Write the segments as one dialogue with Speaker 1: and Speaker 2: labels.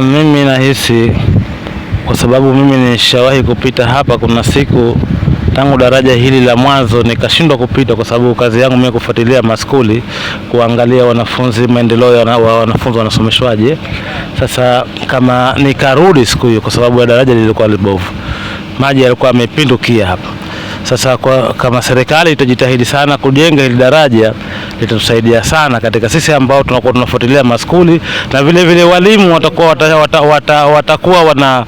Speaker 1: Mimi nahisi kwa sababu mimi nishawahi kupita hapa. Kuna siku tangu daraja hili la mwanzo nikashindwa kupita, kwa sababu kazi yangu mimi kufuatilia maskuli, kuangalia wanafunzi maendeleo ya wana, wanafunzi wanasomeshwaje. Sasa kama nikarudi siku hiyo, kwa sababu ya daraja lilikuwa libovu, maji yalikuwa yamepindukia hapa. Sasa kwa, kama serikali itajitahidi sana kujenga hili daraja litatusaidia sana katika sisi ambao tunakuwa tunafuatilia maskuli na vilevile vile walimu watakuwa watakuwa wana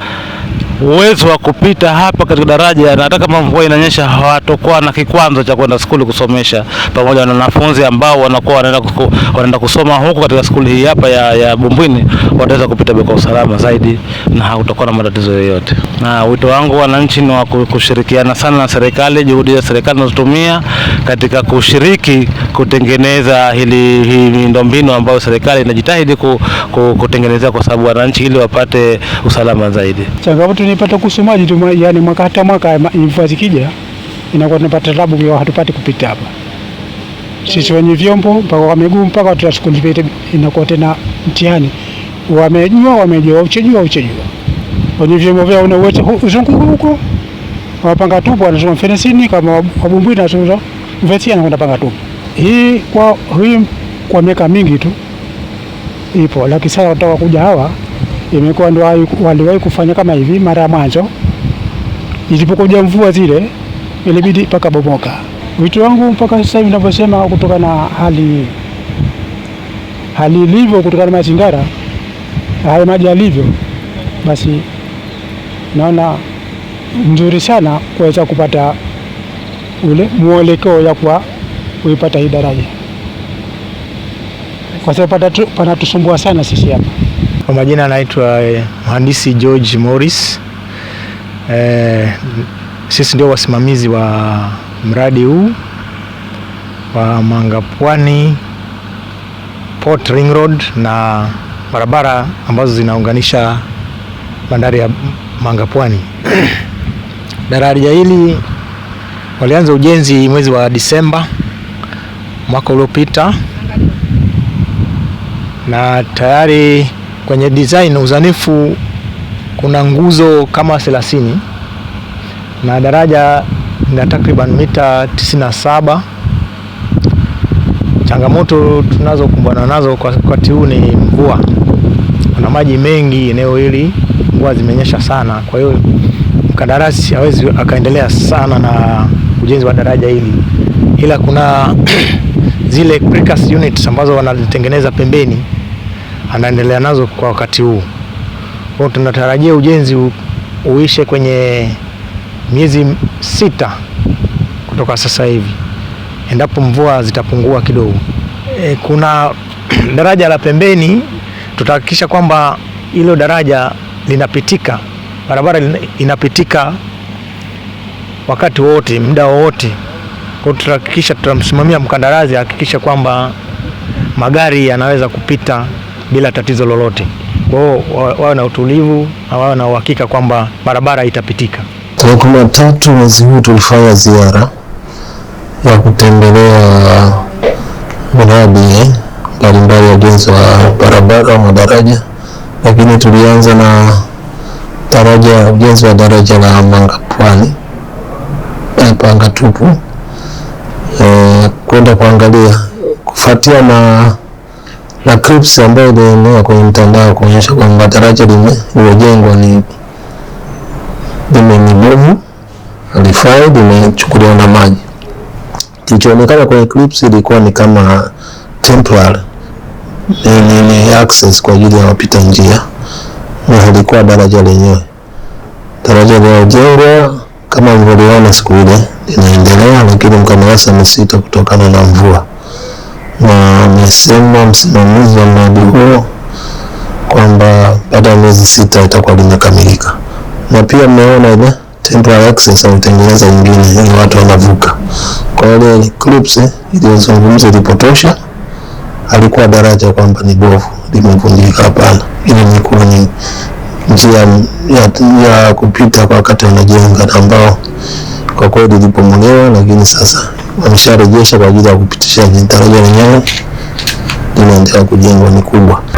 Speaker 1: uwezo wa kupita hapa katika daraja, na hata kama mvua inanyesha hawatokuwa na kikwazo cha kwenda skuli kusomesha, pamoja na wanafunzi ambao wanakuwa wanaenda kusoma huku katika skuli hii hapa ya, ya Bumbwini wataweza kupita kwa usalama zaidi na hautakuwa na matatizo yoyote. Na wito wangu wananchi ni wa kushirikiana sana na serikali, juhudi za serikali zinazotumia katika kushiriki kutengeneza hili hii miundombinu ambayo serikali inajitahidi kutengenezea kwa sababu wananchi ili wapate usalama zaidi.
Speaker 2: changamoto tunapata kuhusu maji tu, yani mwaka hata mwaka mvua zikija inakuwa tunapata tabu kwa hatupati kupita hapa sisi wenye vyombo mpaka kwa miguu mpaka watuasukulipite inakuwa tena mtihani. Wamejua wamejua wauchejua uchejua wenye vyombo vyao na uwezo uzunguko huko, wapanga tupu wanasoma fenesini kama wabumbui na sura mvetia anakwenda panga tupu. Hii kwa hii kwa miaka mingi tu ipo, lakini sasa watakuja hawa imekuwa ndio waliwahi kufanya kama hivi mara ya mwanzo. Ilipokuja mvua zile, ilibidi paka bomoka. vitu wangu mpaka sasa hivi ninavyosema, kutoka na hali hali ilivyo, kutokana na mazingara hayo maji alivyo basi naona nzuri sana kuweza kupata ule mwelekeo ya kuwa kuipata hii daraja, kwa sababu panatusumbua sana sisi hapa.
Speaker 3: Kwa majina anaitwa eh, Mhandisi George Morris. E, sisi ndio wasimamizi wa mradi huu wa Mangapwani Port Ring Road na barabara ambazo zinaunganisha bandari ya Mangapwani. Daraja hili walianza ujenzi mwezi wa Disemba mwaka uliopita na tayari Kwenye design uzanifu kuna nguzo kama 30 na daraja lina takriban mita 97. Changamoto tunazokumbana nazo kwa wakati huu ni mvua, kuna maji mengi eneo hili, mvua zimenyesha sana. Kwa hiyo mkandarasi hawezi akaendelea sana na ujenzi wa daraja hili, ila kuna zile precast units ambazo wanazitengeneza pembeni anaendelea nazo kwa wakati huu. Kwa tunatarajia ujenzi uishe kwenye miezi sita kutoka sasa hivi endapo mvua zitapungua kidogo. E, kuna daraja la pembeni tutahakikisha kwamba hilo daraja linapitika, barabara inapitika wakati wote, muda wowote. Kwa tutahakikisha, tutamsimamia mkandarasi ahakikisha kwamba magari yanaweza kupita bila tatizo lolote. Kwa hiyo wawe na utulivu na wawe na uhakika kwamba barabara itapitika.
Speaker 4: Tarehe kumi na tatu mwezi huu tulifanya ziara ya kutembelea miradi eh, mbalimbali ya ujenzi wa barabara, madaraja, lakini tulianza na daraja ujenzi wa daraja la Manga Pwani eh, Tupu e, eh, kwenda kuangalia kufuatia na na clips ambayo ilienea kwenye mtandao kuonyesha kwamba daraja lililojengwa ni lime ni bovu, halifai, limechukuliwa na maji. Kilichoonekana kwenye clips ilikuwa ni kama temporary ni, ni, ni access kwa ajili ya wapita njia, na halikuwa daraja lenyewe. Daraja lililojengwa kama mlivyoliona siku ile linaendelea, lakini mkandarasi amesita kutokana na mvua na amesema msimamizi wa mradi huo kwamba baada ya miezi sita itakuwa limekamilika, na pia mmeona ile temporary access alitengeneza nyingine ili watu wanavuka. Kwa ile clips eh, iliyozungumza ilipotosha, alikuwa daraja kwamba ni bovu limevunjika, hapana, ili ilikuwa ni njia ya, ya kupita kwa wakati wanajenga ambao kwa kweli lipomolewa, lakini sasa wamesharejesha kwa ajili ya kupitisha daraja lenyewe linaendelea kujengwa, ni kubwa.